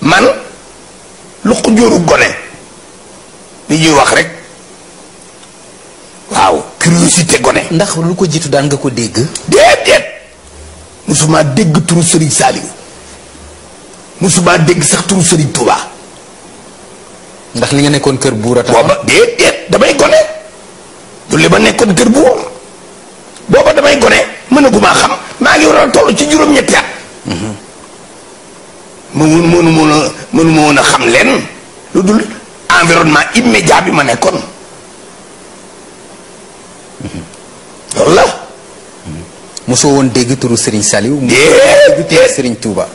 man lu xujooru gone li ñuy wax rek waaw curiosité gone ndax lu ko jiitu daan nga ko dégg déedéet musuma dégg turu sëriñ Saaliw musuma dégg sax turu sëriñ Tuubaa ndax li nga nekkoon kër buur a tax booba déedéet damay gone du li ma nekkoon kër buur booba damay gone mën a gumaa xam xam leen lu dul environnement immédiat bi ma nekkoon loolu la. mosoo woon dégg turu Serigne Saliou. mosoo woon dégg turu Serigne Touba.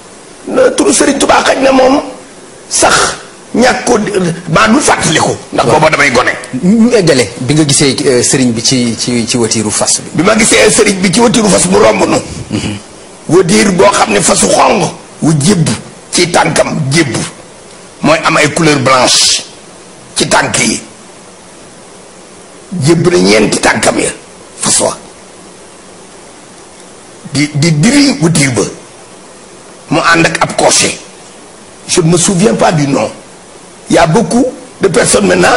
turu Serigne Touba xaj na moom sax ñàkk ko maa dul ko ndax booba damay gone. ñu eggale bi nga gisee euh, Serigne bi ci ci ci watiiru fas bi. bi ma gisee sëriñ bi ci watiiru fas bu romb nu. Mhm. watiir boo xam ne fasu xong. wu jébb ci tànkam jébb. Moi, am ay couleur blanche ci tànk yi jébb na ñeenti tànkam ya Des, di di diri Moi, ba mu ànd je ne me souviens pas du nom Il y a beaucoup de personnes maintenant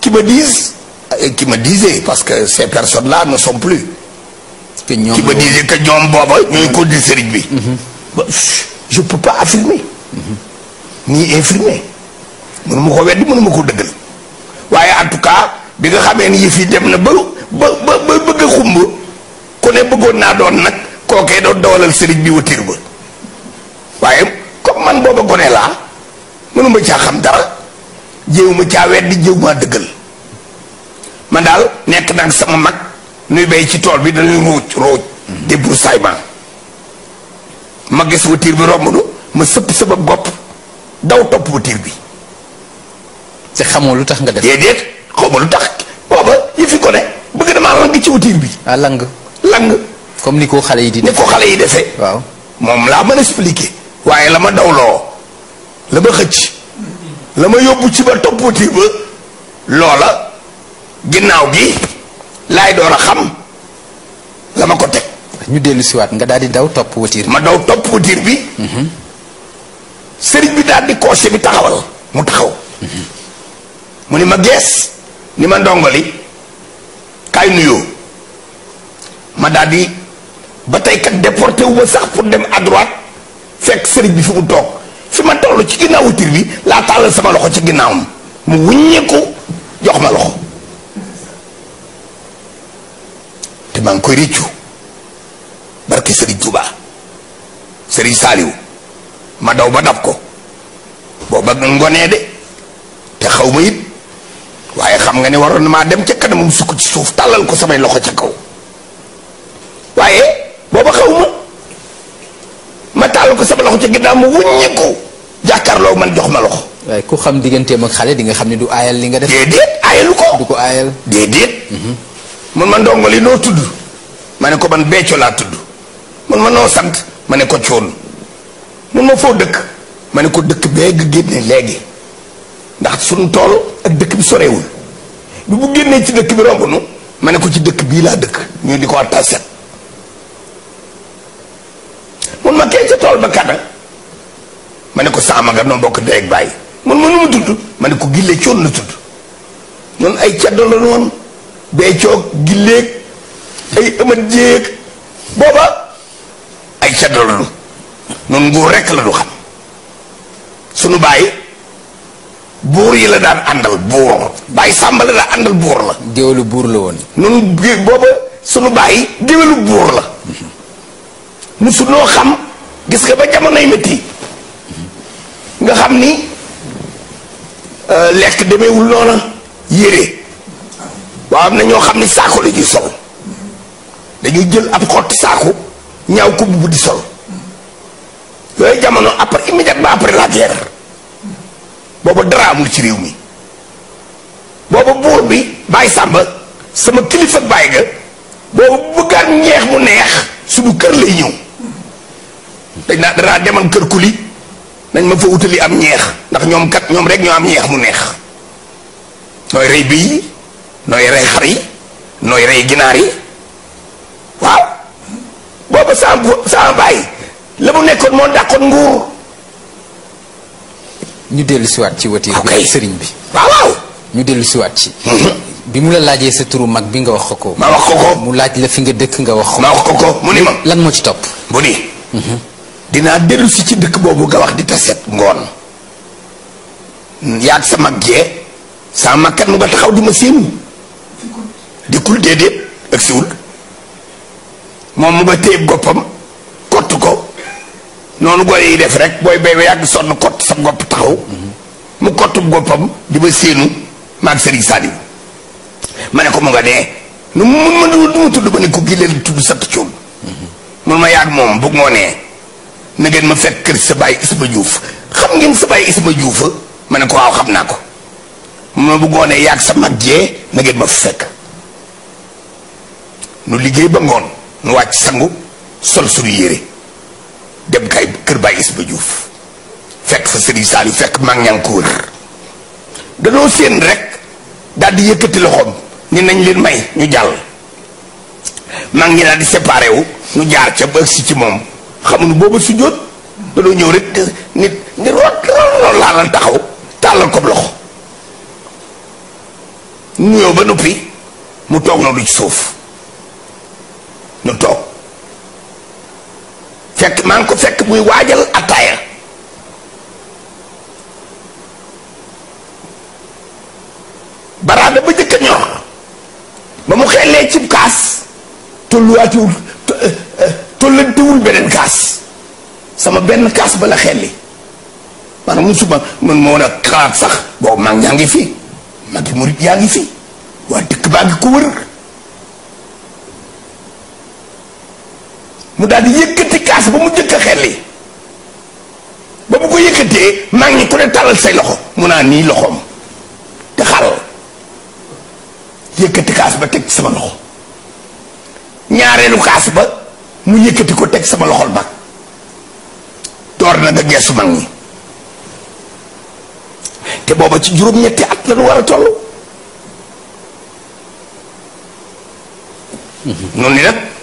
qui me disent qui me disaient parce que ces personnes là ne sont plus qui me disaient que ñoom un ñooy ko di sëriñ bi mm-hmm. bah, je peux pas affirmer mm-hmm. nii infirmé mënu ma ko weddi mënu ma dëggal waaye en tout cas bi nga xamee nii fii dem na ba ba ba bëgg a xumb kone bëggoon naa doon nag kookee doon dawalal sëriñ bi watir ba waaye comme man booba gone laa mënuma caa xam dara jéew ma caa weddi jéew maa dëggal man daal nekk nag sama mag nuy bay ci tool bi dañuy ruuj ruuj débroussaillement ma gis watir bi romb nu ma sëpp sama bopp daw topp voiture bi. te xamoo lu tax nga def. déedéet xaw lu tax booba yi ko ne bëgg damaa lang ci voiture bi. ah lang. lang. comme ni ko xale yi di. ni xale yi defee. waaw moom laa mën a expliquer. waaye la ma daw loo la ma xëcc la ma yóbbu ci ba topp voiture ba loola ginnaaw gi laay door a xam la ma ko teg. ñu dellusiwaat nga daal di daw topp voiture ma daw topp voiture bi. Mhm. serigne bi di coché bi taxawal mu taxaw Muni ni ma bali, ni ma ndongali kay nuyo ma daal di ba kat déporté wu sax pour dem à droite fek serigne bi fi mu toog fi ma ci ginnaawu tir bi la talal sama loxo ci ginnaawam mu wuññeeku jox ma loxo te mang koy ma daw ba dab ko booba ngonee de te xawma ma it waaye xam nga ne waroon maa dem ca kanamam sukk ci suuf tàllal ko samay loxo ca kaw waaye booba xaw ma ma tàllal ko sama loxo ca ginnaaw ma wuññi ko jàkkaarloo man jox ma loxo waaye ku xam digganteem ak xale di nga xam ne du aayal li nga def déedéet aayalu ko du ko aayal déedéet mhm. mun man ndongo li noo tudd ma ne ko man becco laa tudd mun ma noo sant ma ne ko coon mun ma foo dëkk ma ne ko dëkk bee nga génne léegi ndax suñu tool ak dëkk bi sorewul bi bu génnee ci dëkk bi romb nu ma ne ko ci dëkk bii laa dëkk ñu di ko atta set mun ma kee ca tool ba kada ma ne ko saama nga noo bokk ndey ak bàyyi mun ma nu mu tudd ma ne ko gille coon na tudd ñun ay caddo la woon bee coog gilleeg ay ëmat jéeg booba ay caddo la noonu nguur rekk la du xam sunu bàyyi buur yi la daan àndal buur bàyyi sàmba la daan àndal buur la géwélu buur la woon noonu booba sunu bàyyi géwélu buur la musu noo xam gis nga ba jamonoy métti nga xam ni euh, lekk demeewul noona yére waaw am na ñoo xam ni saako la ñuy sol dañuy jël ab xotti saako ñaaw ko bu di sol yooyu jamono après immédiatement après la guerre boobu dara amul ci réew mi boobu buur bi baay sàmba sama kilifa bàyyi ga boobu bëggaat ñeex mu neex suñu kër lay ñëw dañ naa danaa demal kër kuli nañ ma fa wutali am ñeex ndax ñoom kat ñoom rek ñoo am ñeex mu neex nooy rey bi yi nooy rey xar yi nooy rey ginaar yi waaw boobu saa saa bàyyi la mu nekkoon moo dàqoon nguur. ñu dellu siwaat ci watiir bi sëriñ bi. waaw ñu dellu siwaat ci. Mhm. bi mu la laajee sa turu mag bi nga wax ko. ma wax ko ko mu laaj la fi nga dëkk nga wax. ko ko mu ni ma. lan moo ci topp. bu ni. Mhm. dinaa dellu si ci dëkk boobu nga wax di taset ngoon. yaag sa mag jee. sa makkat mu nga taxaw di ma séenu. dikkul déedéet ak siwul moom mu nga téye boppam. noonu gone yi def rek booy bay ba yàgg sonn kott sa gopp taxaw mu kottub goppam di ma séenu maag Serigne Saliou ma ne ko mu nga dee ma du ma tudd ba ko gi leen sa tëccoon mun ma yàgg moom bu ngoonee na ngeen ma fekk kër sa bàyyi Isma juuf xam ngeen sa bàyyi Isma Diouf ma ne ko waaw xam naa ko mun ma bu ngoonee yàgg sa mag jee na ngeen ma fekk nu liggéey ba ngoon nu wàcc sangu sol suñu yére dem kay kër Baye Isba juuf fekk fa Serigne Saliou fekk mag ña ko wër danoo séen rek daal di yëkkati loxoom ni nañ leen may ñu jàll mag ñi daal di séparé ñu jaar ca ba si ci moom xamuñu boobu su jóot ñëw rek nit ni root lool laalal taxaw tàllal ko loxo nuyoo ba noppi mu toog noonu ci suuf ñu toog fekk maa ngi ko fekk muy waajal ataaya baraada ba jëkk a ñor ba mu xellee ci kaas tolluwaatiwul eh, eh, tollantiwul beneen kaas sama benn kaas ba la xelli maanaam musuma man ma na a xalaat sax boobu maa ngi yaa ngi fi murit yaa ngi fi waa dëkk baa ngi ko wër mu daal di yëkkati kaas ba mu jëkk a xelli ba mu ko yëkkatee maa ngi ku ne tàllal say loxo mu naa nii loxoom te xal yëkkati kaas ba teg sama loxo ñaareelu kaas ba mu yëkkati ko teg sama loxol ba door na nga geesu mag ñi te booba ci juróom-ñetti at lañu war a toll mhm. noonu nag